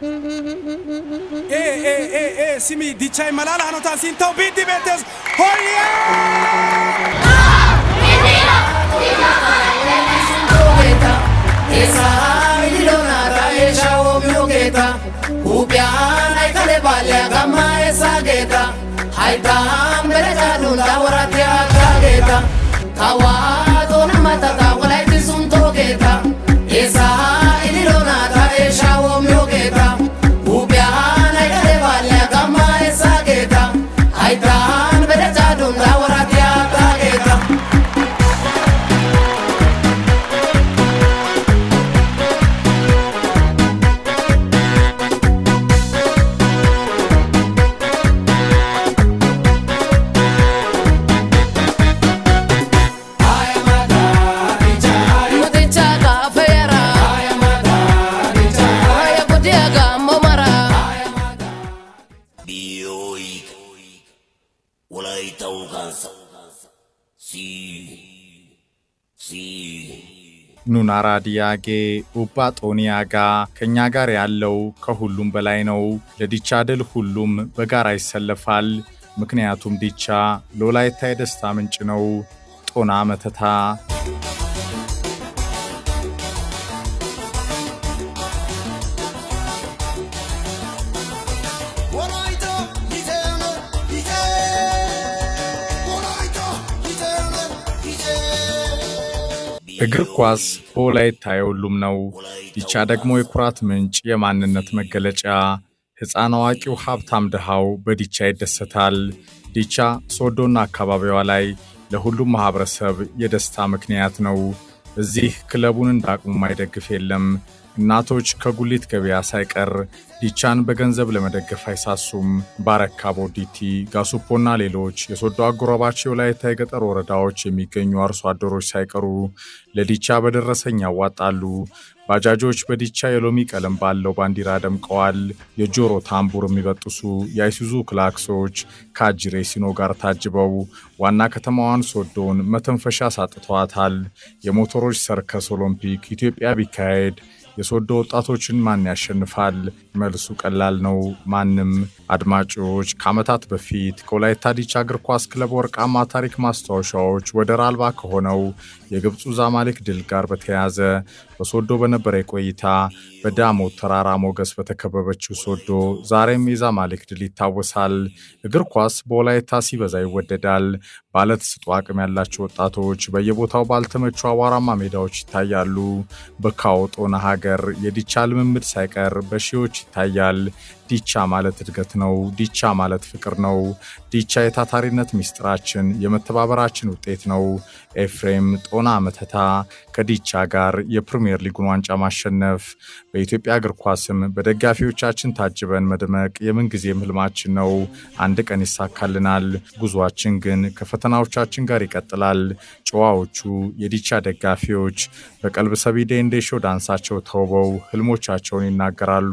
e e simi dichchay malala hanotan sinttaw biiddi beettees hoyyaa huuphiyan aikale baalya gamma eessa geeta haydaan bele jaalunta warate akka geeta kawaa ኑናራ ዲያጌ ኡባ ጦኒያጋ ከእኛ ጋር ያለው ከሁሉም በላይ ነው። ለዲቻ ድል ሁሉም በጋራ ይሰለፋል። ምክንያቱም ዲቻ ለወላይታ የደስታ ምንጭ ነው። ጦና መተታ እግር ኳስ በወላይታ የሁሉም ነው። ዲቻ ደግሞ የኩራት ምንጭ፣ የማንነት መገለጫ። ሕፃን አዋቂው፣ ሀብታም ድሃው በዲቻ ይደሰታል። ዲቻ ሶዶና አካባቢዋ ላይ ለሁሉም ማህበረሰብ የደስታ ምክንያት ነው። እዚህ ክለቡን እንዳቅሙ ማይደግፍ የለም። እናቶች ከጉሊት ገበያ ሳይቀር ዲቻን በገንዘብ ለመደገፍ አይሳሱም። ባረካ ቦዲቲ፣ ጋሱፖና ሌሎች የሶዶ አጎራባች የወላይታ የገጠር ወረዳዎች የሚገኙ አርሶ አደሮች ሳይቀሩ ለዲቻ በደረሰኝ ያዋጣሉ። ባጃጆች በዲቻ የሎሚ ቀለም ባለው ባንዲራ ደምቀዋል። የጆሮ ታምቡር የሚበጥሱ የአይሱዙ ክላክሶች ከአጅሬ ሲኖ ጋር ታጅበው ዋና ከተማዋን ሶዶን መተንፈሻ ሳጥተዋታል። የሞተሮች ሰርከስ ኦሎምፒክ ኢትዮጵያ ቢካሄድ የሶዶ ወጣቶችን ማን ያሸንፋል? መልሱ ቀላል ነው፣ ማንም። አድማጮች ከዓመታት በፊት ከወላይታ ዲቻ እግር ኳስ ክለብ ወርቃማ ታሪክ ማስታወሻዎች ወደር አልባ ከሆነው የግብፁ ዛማሌክ ድል ጋር በተያያዘ በሶዶ በነበረ ቆይታ በዳሞት ተራራ ሞገስ በተከበበችው ሶዶ ዛሬም የዛማሌክ ድል ይታወሳል። እግር ኳስ በወላይታ ሲበዛ ይወደዳል። ባለተሰጥኦ አቅም ያላቸው ወጣቶች በየቦታው ባልተመቹ አቧራማ ሜዳዎች ይታያሉ። በካዎ ጦና ሀገር የዲቻ ልምምድ ሳይቀር በሺዎች ይታያል። ዲቻ ማለት እድገት ነው። ዲቻ ማለት ፍቅር ነው። ዲቻ የታታሪነት ሚስጥራችን፣ የመተባበራችን ውጤት ነው። ኤፍሬም ጦና መተታ ከዲቻ ጋር የፕሪምየር ሊጉን ዋንጫ ማሸነፍ በኢትዮጵያ እግር ኳስም በደጋፊዎቻችን ታጅበን መድመቅ የምንጊዜም ህልማችን ነው። አንድ ቀን ይሳካልናል። ጉዟችን ግን ከፈተናዎቻችን ጋር ይቀጥላል። ጨዋዎቹ የዲቻ ደጋፊዎች በቀልብ ሰቢዴ እንደሾ ዳንሳቸው ተውበው ህልሞቻቸውን ይናገራሉ።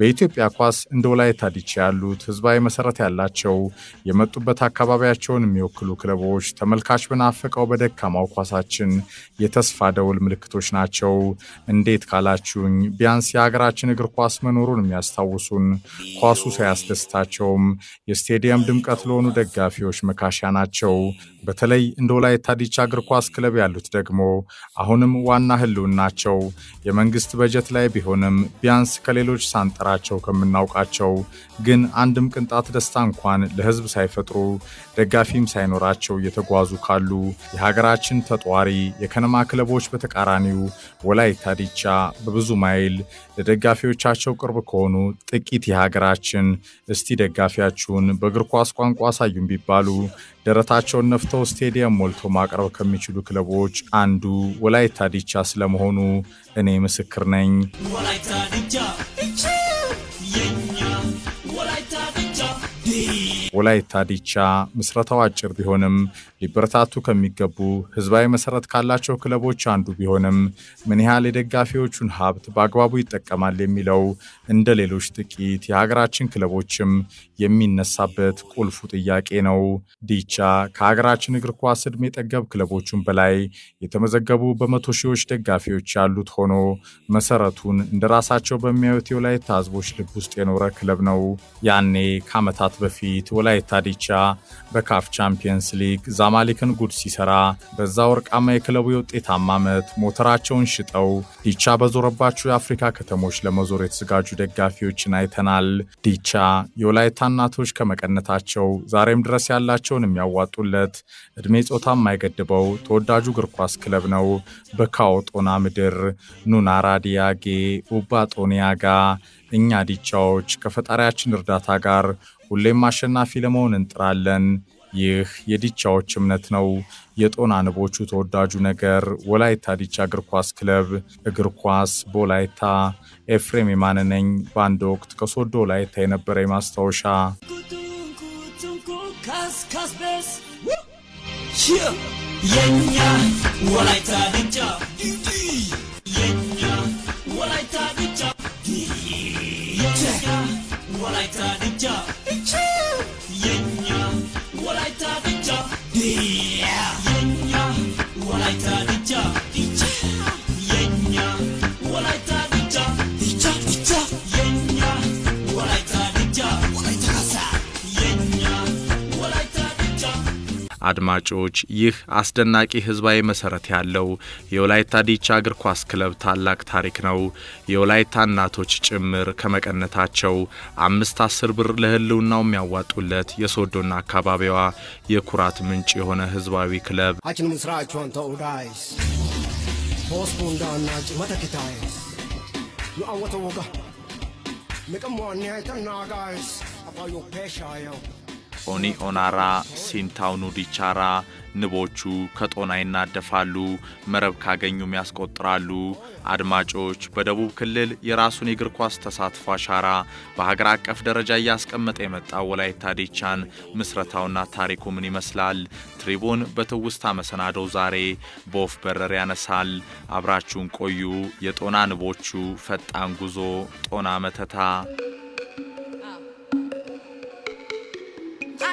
በኢትዮጵያ ኳስ እንደ ወላይታ ዲቻ ያሉት ህዝባዊ መሰረት ያላቸው የመጡበት አካባቢያቸውን የሚወክሉ ክለቦች ተመልካች በናፈቀው በደካማው ኳሳችን የተስፋ የተስፋ ደውል ምልክቶች ናቸው። እንዴት ካላችሁኝ ቢያንስ የሀገራችን እግር ኳስ መኖሩን የሚያስታውሱን ኳሱ ሳያስደስታቸውም የስቴዲየም ድምቀት ለሆኑ ደጋፊዎች መካሻ ናቸው። በተለይ እንደ ወላይታ ዲቻ እግር ኳስ ክለብ ያሉት ደግሞ አሁንም ዋና ናቸው የመንግስት በጀት ላይ ቢሆንም ቢያንስ ከሌሎች ሳንጠራቸው ከምናውቃቸው ግን አንድም ቅንጣት ደስታ እንኳን ለህዝብ ሳይፈጥሩ ደጋፊም ሳይኖራቸው እየተጓዙ ካሉ የሀገራችን ተጧሪ የከነማ ክለብ ክለቦች በተቃራኒው ወላይታ ዲቻ በብዙ ማይል ለደጋፊዎቻቸው ቅርብ ከሆኑ ጥቂት የሀገራችን እስቲ ደጋፊያችሁን በእግር ኳስ ቋንቋ አሳዩን ቢባሉ ደረታቸውን ነፍተው ስቴዲየም ሞልቶ ማቅረብ ከሚችሉ ክለቦች አንዱ ወላይታ ዲቻ ስለመሆኑ እኔ ምስክር ነኝ። ወላይታ ዲቻ ምስረታው አጭር ቢሆንም ሊበረታቱ ከሚገቡ ህዝባዊ መሰረት ካላቸው ክለቦች አንዱ ቢሆንም ምን ያህል የደጋፊዎቹን ሀብት በአግባቡ ይጠቀማል የሚለው እንደ ሌሎች ጥቂት የሀገራችን ክለቦችም የሚነሳበት ቁልፉ ጥያቄ ነው። ዲቻ ከሀገራችን እግር ኳስ እድሜ ጠገብ ክለቦቹን በላይ የተመዘገቡ በመቶ ሺዎች ደጋፊዎች ያሉት ሆኖ መሰረቱን እንደ ራሳቸው በሚያዩት የወላይታ ህዝቦች ልብ ውስጥ የኖረ ክለብ ነው። ያኔ ከዓመታት በፊት ወላይታ ዲቻ በካፍ ቻምፒየንስ ሊግ ዛማሊክን ጉድ ሲሰራ በዛ ወርቃማ የክለቡ የውጤታማ ዓመት ሞተራቸውን ሽጠው ዲቻ በዞረባቸው የአፍሪካ ከተሞች ለመዞር የተዘጋጁ ደጋፊዎችን አይተናል። ዲቻ የወላይታ እናቶች ከመቀነታቸው ዛሬም ድረስ ያላቸውን የሚያዋጡለት እድሜ ጾታ የማይገድበው ተወዳጁ እግር ኳስ ክለብ ነው። በካዎጦና ምድር ኑና ራዲያጌ ኡባ ጦንያጋ እኛ ዲቻዎች ከፈጣሪያችን እርዳታ ጋር ሁሌም አሸናፊ ለመሆን እንጥራለን። ይህ የዲቻዎች እምነት ነው። የጦና ንቦቹ ተወዳጁ ነገር ወላይታ ዲቻ እግር ኳስ ክለብ እግር ኳስ በወላይታ ኤፍሬም የማነ ነኝ። በአንድ ወቅት ከሶዶ ወላይታ የነበረ ማስታወሻ ወላይታ 比较，比较，人呀，我来打比较。አድማጮች ይህ አስደናቂ ህዝባዊ መሰረት ያለው የወላይታ ዲቻ እግር ኳስ ክለብ ታላቅ ታሪክ ነው። የወላይታ እናቶች ጭምር ከመቀነታቸው አምስት አስር ብር ለህልውናው የሚያዋጡለት የሶዶና አካባቢዋ የኩራት ምንጭ የሆነ ህዝባዊ ክለብ አችን ምስራቸውን ተውዳይስ ፖስቡንዳናጭ መተኪታይስ ሉአወተወጋ ንቅሟኒ አባዮ ፔሻየው ኦኒ ኦናራ፣ ሲንታውኑ ዲቻራ ንቦቹ ከጦና ይናደፋሉ፣ መረብ ካገኙም ያስቆጥራሉ። አድማጮች፣ በደቡብ ክልል የራሱን የእግር ኳስ ተሳትፎ አሻራ በሀገር አቀፍ ደረጃ እያስቀመጠ የመጣ ወላይታ ዲቻን ምስረታውና ታሪኩ ምን ይመስላል? ትሪቡን በትውስታ መሰናዶው ዛሬ በወፍ በረር ያነሳል። አብራችሁን ቆዩ። የጦና ንቦቹ ፈጣን ጉዞ ጦና መተታ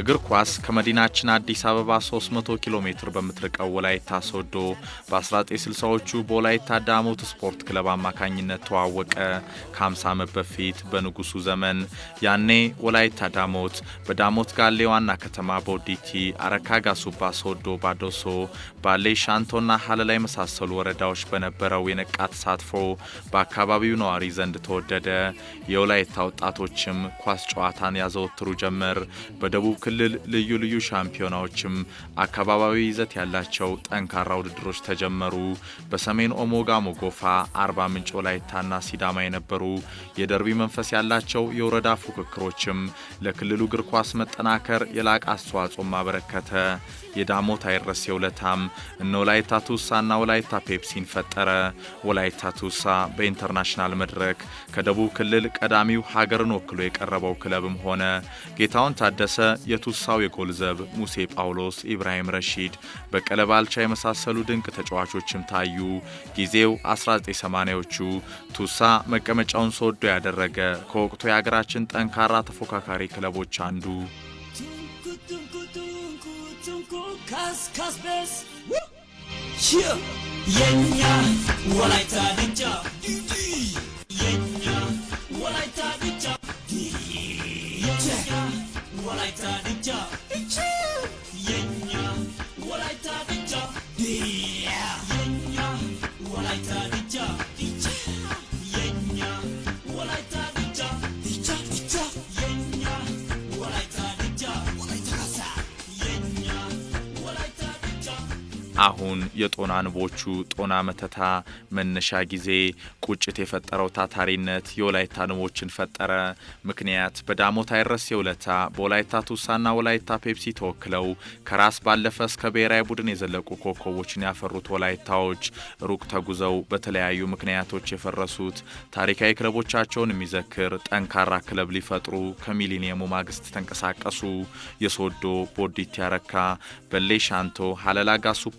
እግር ኳስ ከመዲናችን አዲስ አበባ 300 ኪሎ ሜትር በምትርቀው ወላይታ ሶዶ በ1960ዎቹ በወላይታ ዳሞት ስፖርት ክለብ አማካኝነት ተዋወቀ። ከ50 ዓመት በፊት በንጉሱ ዘመን ያኔ ወላይታ ዳሞት በዳሞት ጋሌ ዋና ከተማ ቦዲቲ፣ አረካ ጋሱባ፣ ሶዶ፣ ባዶሶ፣ ባሌ ሻንቶና ሀለላ የመሳሰሉ ወረዳዎች በነበረው የነቃ ተሳትፎ በአካባቢው ነዋሪ ዘንድ ተወደደ። የወላይታ ወጣቶችም ኳስ ጨዋታን ያዘወትሩ ጀመር። በደቡብ ክልል ልዩ ልዩ ሻምፒዮናዎችም አካባቢያዊ ይዘት ያላቸው ጠንካራ ውድድሮች ተጀመሩ። በሰሜን ኦሞ ጋሞ ጎፋ፣ አርባ ምንጭ፣ ወላይታና ሲዳማ የነበሩ የደርቢ መንፈስ ያላቸው የወረዳ ፉክክሮችም ለክልሉ እግር ኳስ መጠናከር የላቀ አስተዋጽኦም አበረከተ። የዳሞት አይረሴ ውለታም እነ ወላይታ ቱሳና ወላይታ ፔፕሲን ፈጠረ። ወላይታ ቱሳ በኢንተርናሽናል መድረክ ከደቡብ ክልል ቀዳሚው ሀገርን ወክሎ የቀረበው ክለብም ሆነ ጌታውን ታደሰ የቱሳው የኮልዘብ፣ ሙሴ ጳውሎስ፣ ኢብራሂም ረሺድ፣ በቀለ ባልቻ የመሳሰሉ ድንቅ ተጫዋቾችም ታዩ። ጊዜው 1980ዎቹ። ቱሳ መቀመጫውን ሶዶ ያደረገ ከወቅቱ የሀገራችን ጠንካራ ተፎካካሪ ክለቦች አንዱ የኛ ወላይታ አሁን የጦና ንቦቹ ጦና መተታ መነሻ ጊዜ ቁጭት የፈጠረው ታታሪነት የወላይታ ንቦችን ፈጠረ። ምክንያት በዳሞት አይረስ ውለታ በወላይታ ቱሳና ወላይታ ፔፕሲ ተወክለው ከራስ ባለፈ እስከ ብሔራዊ ቡድን የዘለቁ ኮከቦችን ያፈሩት ወላይታዎች ሩቅ ተጉዘው በተለያዩ ምክንያቶች የፈረሱት ታሪካዊ ክለቦቻቸውን የሚዘክር ጠንካራ ክለብ ሊፈጥሩ ከሚሊኒየሙ ማግስት ተንቀሳቀሱ። የሶዶ ቦዲት ያረካ፣ በሌ ሻንቶ፣ ሀለላጋ ጋሱፓ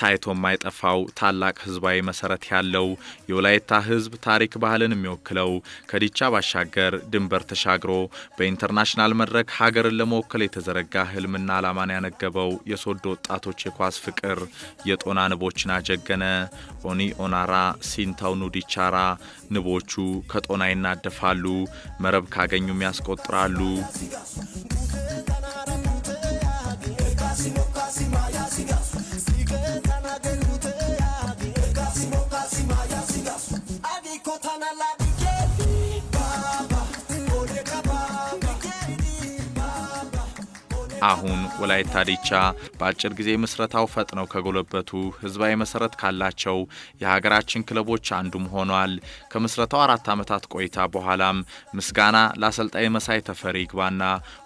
ታይቶ የማይጠፋው ታላቅ ህዝባዊ መሰረት ያለው የወላይታ ህዝብ ታሪክ ባህልን የሚወክለው ከዲቻ ባሻገር ድንበር ተሻግሮ በኢንተርናሽናል መድረክ ሀገርን ለመወከል የተዘረጋ ህልምና አላማን ያነገበው የሶዶ ወጣቶች የኳስ ፍቅር የጦና ንቦችን አጀገነ። ኦኒ ኦናራ ሲንታው ኑዲቻራ ንቦቹ ከጦና ይናደፋሉ፣ መረብ ካገኙም ያስቆጥራሉ። አሁን ወላይታ ዲቻ በአጭር ጊዜ ምስረታው ፈጥነው ከጎለበቱ ህዝባዊ መሰረት ካላቸው የሀገራችን ክለቦች አንዱም ሆኗል። ከምስረታው አራት ዓመታት ቆይታ በኋላም ምስጋና ለአሰልጣኝ መሳይ ተፈሪ ይግባና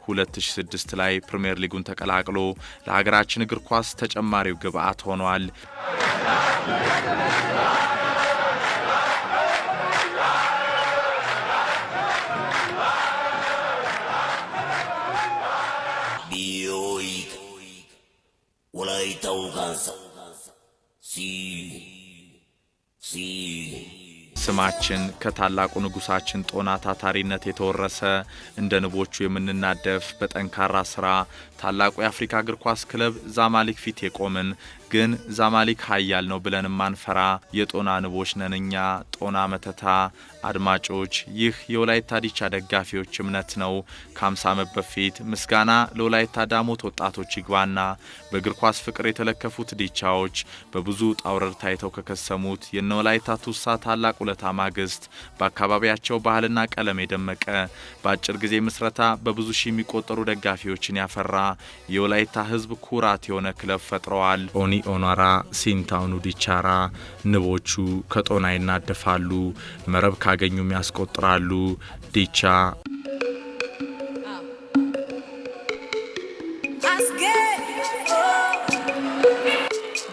2006 ላይ ፕሪምየር ሊጉን ተቀላቅሎ ለሀገራችን እግር ኳስ ተጨማሪው ግብአት ሆኗል። စီစီ ስማችን ከታላቁ ንጉሳችን ጦና ታታሪነት የተወረሰ እንደ ንቦቹ የምንናደፍ በጠንካራ ስራ ታላቁ የአፍሪካ እግር ኳስ ክለብ ዛማሊክ ፊት የቆምን ግን ዛማሊክ ሀያል ነው ብለን ማንፈራ የጦና ንቦች ነንኛ። ጦና መተታ አድማጮች፣ ይህ የወላይታ ዲቻ ደጋፊዎች እምነት ነው። ከአምሳ ዓመት በፊት ምስጋና ለወላይታ ዳሞት ወጣቶች ይግባና በእግር ኳስ ፍቅር የተለከፉት ዲቻዎች በብዙ ጣውረር ታይተው ከከሰሙት የነ ወላይታ ቱሳ ታላቅ ምስረታ ማግስት በአካባቢያቸው ባህልና ቀለም የደመቀ በአጭር ጊዜ ምስረታ በብዙ ሺህ የሚቆጠሩ ደጋፊዎችን ያፈራ የወላይታ ሕዝብ ኩራት የሆነ ክለብ ፈጥረዋል። ኦኒ ኦኗራ፣ ሲንታውኑ ዲቻራ ንቦቹ ከጦና ይናደፋሉ፣ መረብ ካገኙም ያስቆጥራሉ። ዲቻ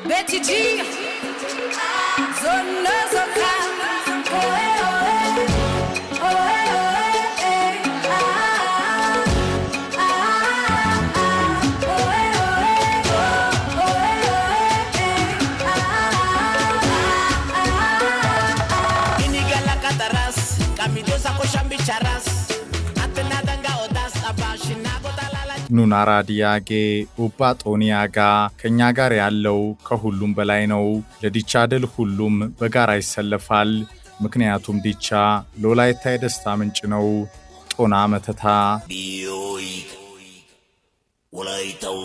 Betty G. ኑናራ ዲያጌ ኡባ ጦኒያጋ ከእኛ ጋር ያለው ከሁሉም በላይ ነው። ለዲቻ ድል ሁሉም በጋራ ይሰለፋል። ምክንያቱም ዲቻ ለወላይታ የደስታ ምንጭ ነው። ጦና መተታ ወላይታው